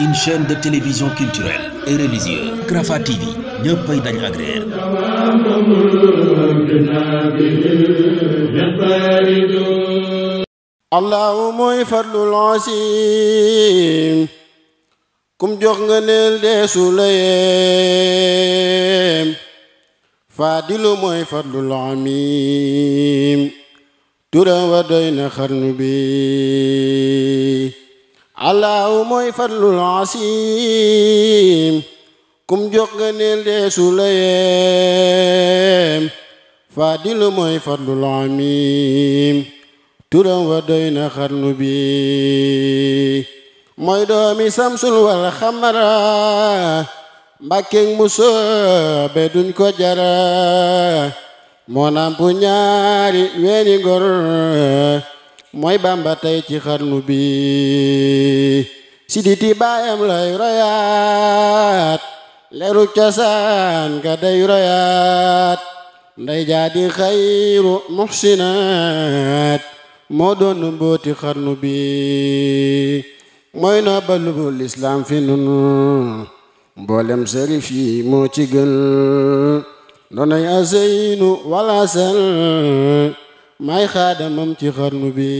une chaîne de télévision culturelle et religieuse Rafah TV ñëppay dañ agréer allahu mooy fadlul asim kum jox nga neel deesu la yeem faadilu mooy fadlul amim turam wa doy na xarnu bi allahu moy fadlul asim kum jox nga neel deesu la yeem fadilu mooy fadlul amim turam wa doy na xarnu bi mooy doomi samsul wal xamara mbàkkeg musóobe duñ ko jara moo nampu weeni gor mooy bamba tey ci xarnu bi siditi baayam lay royaat leru cosaan ga royaat nday jaadi xayru muxsinaat moo doon mbooti xarnu bi mooy nobbalu lislaam fi nun mboolem sërif yi moo ci gën doonay aseynu wala sel may xaadamam ci xarnu bi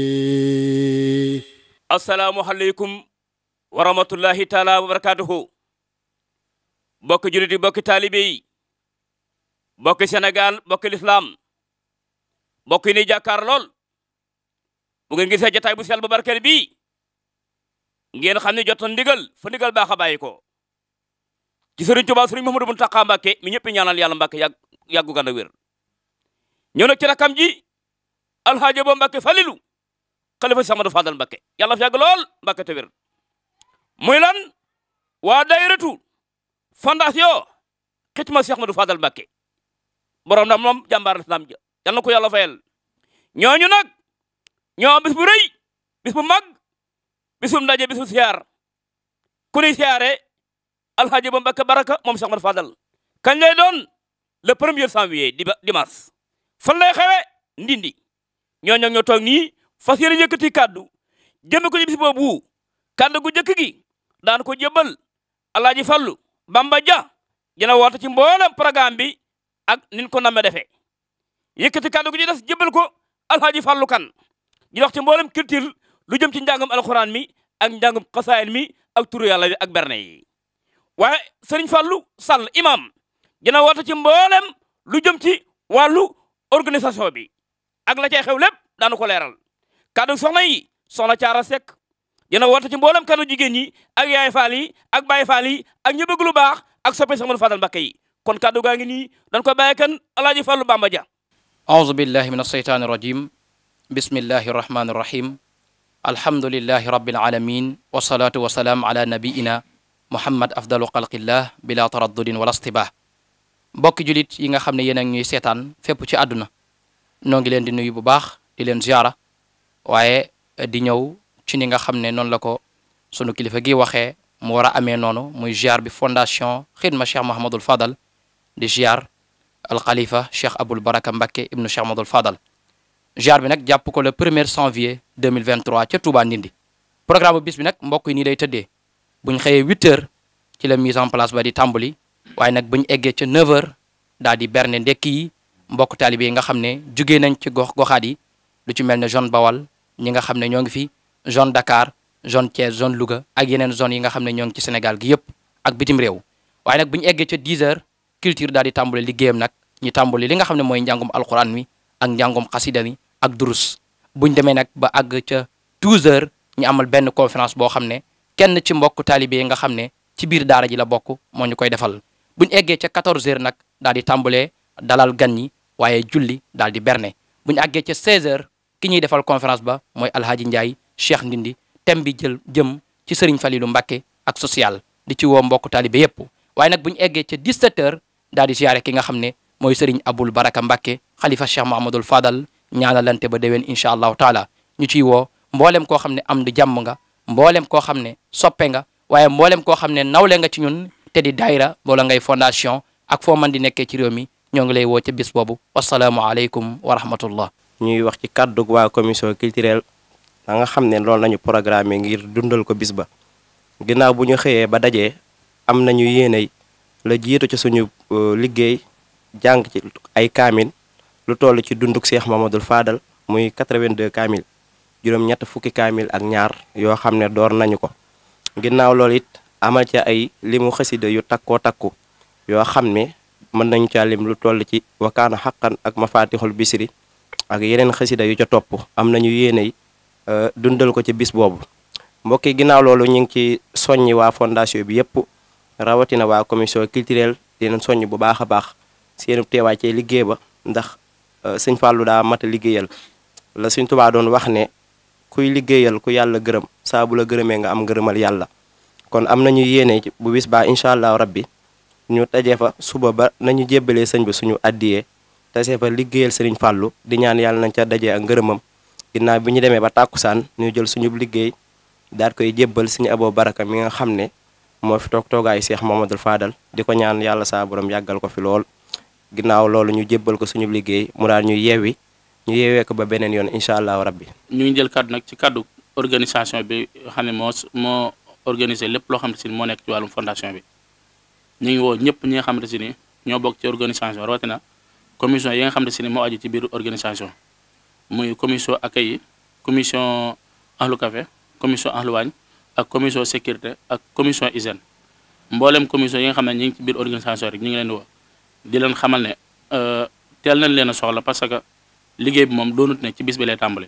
asalaamualeykum wa rahmatullahi taala wa barakatuhu bokki julit yi bokki taalibe yi bokki sénégal bokki lislaam bokki ni jàkkaar lool bu ngeen gisee jotaay bu sel bu barkeel bii ngeen xam ne jotoon ndigal fa ndigal baax a bàyyi ko ci sëriñ Tuubaa sëriñ Mouhamadou Mountakha Mbacké mi ñëpp ñaanal yàlla Mbacké yàgg yàggu gànd a wér rakam ji alxaaja ba Mbacke falilu xalifa Samadu Fadal Mbacke yàlla fi yàgg lool Mbacke te wér muy lan waa dayratu fondation xitma Cheikh Ahmadou Fadal Mbacke borom na moom jàmbaar lislaam ja yal na ko yàlla fayal ñooñu nag ñoo bis bu rëy bis baraka moom Cheikh Ahmadou Fadal kañ lay doon le premier janvier dimanche fan lay xewe ndindi ñoo ñoom ñoo toog nii yëkkati kàddu jëme ko ci boobu kàddu gu njëkk gi daan ko jëbal alaaji fallu bamba ja dina woote ci mboolem programme bi ak nin ko namme defee yëkkati kàddu gu ñuy des jëbal ko alaaji fallu kan di wax ci mboolem culture lu jëm ci njàngam alxuraan mi ak njàngam xasaayil mi ak turu yàlla bi ak berne yi waaye sëriñ fallu sàll imam dina woote ci mboolem lu jëm ci wàllu organisation bi ak la cay xew lépp daanu ko leeral kaddu soxna yi soxna caara sekk dina woote ci mboolem kaddu jigéen ñi ak yaay faal yi ak baay faal ak ñu lu baax ak soppe sax mën fadal mbakke kon kaddu gaa ngi nii dañ ko bàyyi kan alaaji fàllu bamba ja aouzu billahi min asheytaani rajim bismillahi rahmani rahim alhamdulillahi rabbil alamin wasalaatu wasalaam ala nabiina muhammad afdalu xalqillah bila taraddudin wala stibah mbokki julit yi nga xam ne yéen a seetaan fépp ci àdduna noo ngi leen di nuyu bu baax di leen ziara waaye eh, di ñëw ci ni nga xam ne noonu la ko sunu kilifa gi waxee mu war a amee noonu muy ziar bi fondation xidma cheikh Mahamadul Fadal di ziar alxalifa cheikh Abul Baraka Mbakke ibnu cheikh Mahamadul Fadal. ziar bi nag jàpp ko le premier janvier 2023 ca Touba Ndindi programme bis bi nag mbokk yi nii lay tëddee buñ xëyee 8 heures ci la mise en place ba di tàmbali waaye nag buñ eggee ca 9 heures daal di berne ndekki yi. mbokk taalibe yi nga xam ne jugee nañ ci gox goxaat lu ci mel ne zone Bawal ñi nga xam ne ñoo ngi fi zone Dakar zone Thiès zone Louga ak yeneen zone yi nga xam ne ñoo ngi ci Sénégal gi yëpp ak bitim réew waaye nag bu ñu eggee ca 10 heures culture daal di tàmbale liggéeyam nag ñu tàmbale li nga xam ne mooy njàngum alquran mi ak njàngum xasida mi ak durus buñ demee nag ba àgg ca 12 heures ñu amal benn conférence boo xam ne kenn ci mbokk taalibe yi nga xam ne ci biir daara ji la bokk moo ñu koy defal buñ eggee ca 14 heures nag daal di tàmbalee dalal gan ñi waaye julli daal di berne bu ñu àggee ca 16h ki ñuy defal conférence ba mooy Alhaji Ndiaye Cheikh Ndindi thème bi jël jëm ci Serigne falilu Mbacké ak social di ci woo mbokk taalibe yépp waaye nag bu ñu eggee ca 17h daal di ki nga xam ne mooy Serigne abul Baraka Mbacké xalifa Cheikh Mahamadul Fadal lante ba déwén incha allahu taala ñu ciy woo mboolem koo xam ne am du jàmm nga mboolem koo xam ne soppe nga waaye mboolem koo xam ne nawle nga ci ñun te di daayira wala ngay fondation ak foo mën di nekkee ci réew mi ñoo ngi lay woo ca bis boobu wasalaamualeykum wa rahmatullah ñuy wax ci kàddug waa commission culturelle da nga xam ne loolu nañu programme ngir dundal ko bis ba ginnaaw bu ñu xëyee ba dajee am na nañu yéene la jiitu ci suñu euh, liggéey jàng ci ay kaamil lu toll ci dunduk seex Mamadul Faadal muy 82 kaamil juróom-ñett fukki kaamil ak ñaar yoo xam ne door nañu ko ginnaaw loolu it amal ci ay limu xasida yu takkoo takku yoo xam ne mën nañu caa lim lu toll ci wakaana xaqan ak mafaatixul bisiri ak yeneen xësida yu ca topp am nañu yéeney euh, dundal ko ci bis boobu mbokk yi ginnaaw loolu ñu ngi ci soññi waa fondation bi yëpp rawatina waa commission culturelle dinañ soññ bu baax a baax seenu teewaay ci liggéey ba ndax euh, sëñ Fallou daa mat liggéeyal la sëñ Tuubaa doon wax ne kuy liggéeyal ku yàlla gërëm saa la gërëmee nga am gërëmal yàlla kon am nañu yéene bu bis baa incha allah rabbi ñu taje fa suba ba nañu jébbalee sëñ bi suñu addiyee tase fa liggéeyal sëriñ fàllu di ñaan yàlla nañ ca dajee ak ngërëmam ginnaaw bi ñu demee ba tàkkusaan ñu jël suñu liggéey daal koy jébbal suñu aboo baraka mi nga xam ne moo fi toog toogaayu seex Mamadul Faadal di ko ñaan yàlla saa borom yàggal ko fi lool ginnaaw loolu ñu jébbal ko suñu liggéey mu daal ñu yeewi ñu yeewee ko ba beneen yoon incha allahu rabbi ñu jël kàddu nag ci kàddu organisation bi xam ne moo moo organisé loo xam ne si moo nekk ci wàllum fondation bi ñu ngi woo ñëpp ñi nga xamante si ni ñoo bokk ci organisation rawatina commission yi nga xamante si ni moo aju ci biir organisation muy commission accueil commission ahlu café commission ahlu waañ ak commission sécurité ak commission hygiène mboolem commission yi nga xam ne ñu ngi ci biir organisation rek ñu ngi leen di woo di leen xamal ne euh, teel nañ leen a soxla parce que liggéey bi moom doonut ne ci bis bi lay tàmbale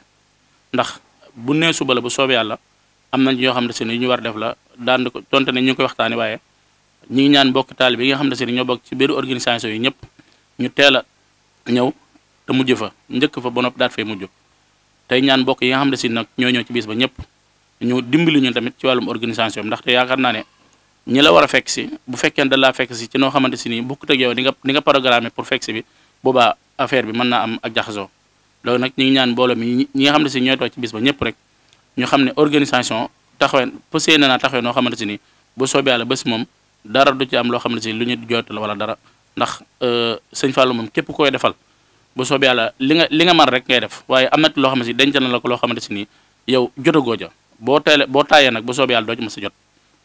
ndax bu nee suba la bu soo yàlla am nañ ñoo xam ne si ni ñu war def la daan ko tonte ñu ngi waxtaanee waaye ñi ngi ñaan mbokk taalibe yi nga xam ne si ñoo bokk ci biir organisation yi ñëpp ñu teel a ñëw te mujj fa njëkk fa ba nopp daat fay mujj tey ñaan mbokk yi nga xam ne si nag ñoo ñëw ci bis ba ñëpp ñu dimbali ñu tamit ci wàllum organisation bi ndaxte yaakaar naa ne la war fekk si bu fekkee da laa fekk si ci noo xamante si nii bokkut ak yow di di nga programmé pour fekk si bi boobaa affaire bi mën naa am ak jaxasoo loolu nag ñi ngi ñaan mbooloo mi ñi nga xam ne si ñooy toog ci bis ba ñëpp rek ñu xam ne organisation taxawee posé na naa taxawee noo xamante si nii bu soobee yàlla bés moom dara du ci am loo xam ne si lu ñu jot la wala dara ndax euh, sëñ Fallou moom képp koy defal bu soobee yàlla li nga li nga man rek ngay def waaye am na loo xam ne si denc na la ko loo xamante si nii yow jotagoo ja boo teele boo taayee nag bu soobee yàlla doo jot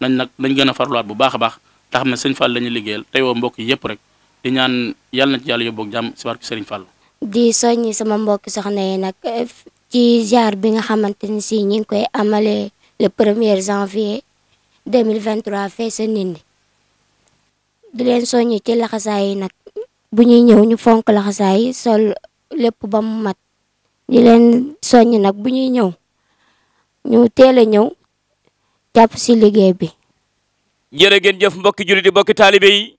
nañ nag nañ gën a farluwaat bu baax a baax tax xam ne sëñ Fall la ñuy liggéeyal tey woo mbokk yëpp rek di ñaan yàlla na ci yàlla yóbbu ak jàmm si barke Sëriñ Fall. di soññi sama mbokki soxna yi nag eh, ci ziar bi nga xamante ni si ñu ngi koy amalee le premier janvier 2023 fee sa nindi di leen soññ ci laxasaay yi nag bu ñuy ñëw ñu fonk laxasaay yi sol lépp ba mu mat di leen nag bu ñuy ñëw ñu teel ñëw jàpp si liggéey bi. jërë ngeen jëf mbokki jullit di mbokki taalibe yi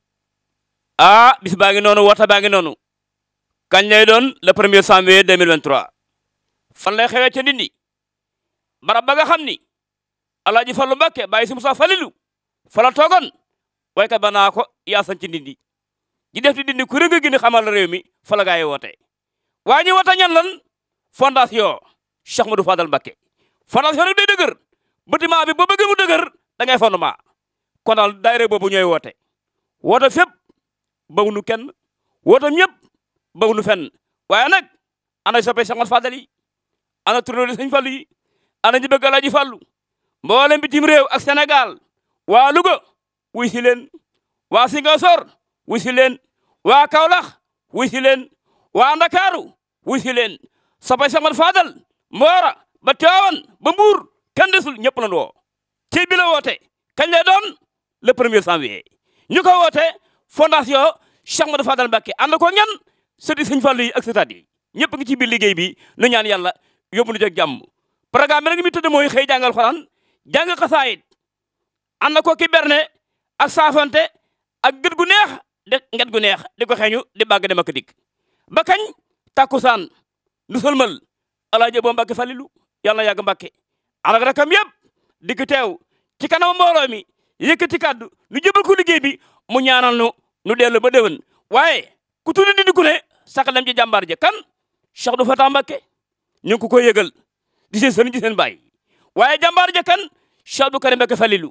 ah bis baa noonu woote baa noonu. kañ lay doon le premier janvier 2023. fan lay xewee ca Ndindi barab ba nga xam ni Alaaji Fallu Mbàkke bàyyi si Musaa Falilu fa la toogoon wayta banaa ko yaa sañ ci def di ku rëgg gi ni xamal réew mi fa la gaay woote waa ñu woote ñan lan fondation Cheikh Modou Fadal Mbacké fondation nag day dëgër bâtiment bi bëgg mu dëgër da ngay fondement kon daal daayira boobu ñooy woote woote fépp bawunu kenn woote ñëpp bawunu fenn waaye nag ana soppe Cheikh Modou Fadal yi ana turandoo Sëñ Fallu yi ana ñi bëgg Alaaji Fallu mboolem bitim réew ak Sénégal waa Louga wuy si waa Singasoor wuy si leen waa Kaolack wuy si waa Ndakaaru wuy si leen Sopay Samat Mboora ba Tiwaawan ba Mbuur kenn desul ñëpp lañ woo ci woote kañ le doon le premier janvier ñu ko woote fondation Cheikh Ahmadou Fadal Mbacké ko ñan sëti sëñ Fallu yi ak sëtaat ñëpp ngi ci biir liggéey bi nu ñaan yàlla yóbbu nu jeg jàmm programme bi nag mi tëdd mooy xëy jàngal xoraan jàng xasaayit ànd ko ki ak saafante ak gët gu neex de nget gu neex de ko xeeñu di bàgg dem ak dikk ba kañ takkusaan nu sëlmal alaaji boo mbàkke falilu yàlla na yàgg mbàkke alak rakam yëpp dikk teew ci kanam mbooloo mi yëkkati kàddu nu jëbal ko liggéey bi mu ñaanal nu nu dellu ba déwén waaye ku tuddi di ku ne sax dem ci jàmbaar ja kan Cheikh du Fata Mbàkke ñu ko koy yëgal di seen sëriñ di seen bàyyi waaye jàmbaar ja kan Cheikh du Karim Mbàkke Falilu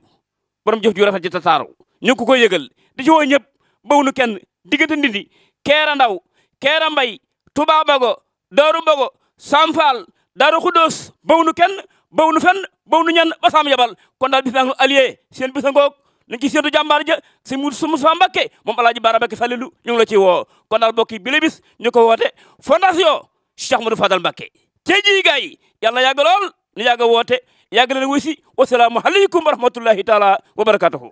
borom jëf ju rafet ji tasaaru ñu ko koy yëgal di ci woo ñëpp bawunu kenn diggante ndindi keera ndaw keera mbay tubaa bago dooru bago samfaal daaru xudóos bawunu kenn bawunu fenn bawunu ñenn ba saam yabal kon daal bis naa allié seen bisa ngoog nañ ci séentu jàmbaar ja si mu su Musaa Mbàkke moom alaaji Baara Mbàkke Falilu ñu ngi woo kon daal bokki bi la bis ñu ko woote fondation Cheikh Modou Fadal Mbàkke cee ji gaay yàlla lool ñu yàgg woote yàgg leen wuy si wasalaamu aleykum wa rahmatullahi taala wa barakatuhu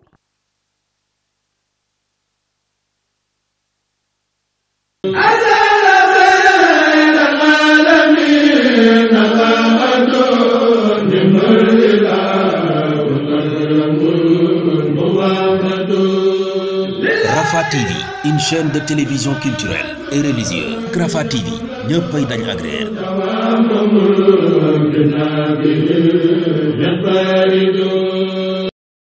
Rafah TV une chaîne de télévision culturelle et religieuse Rafah TV ñëppay dañ agréer كنا به ينفرد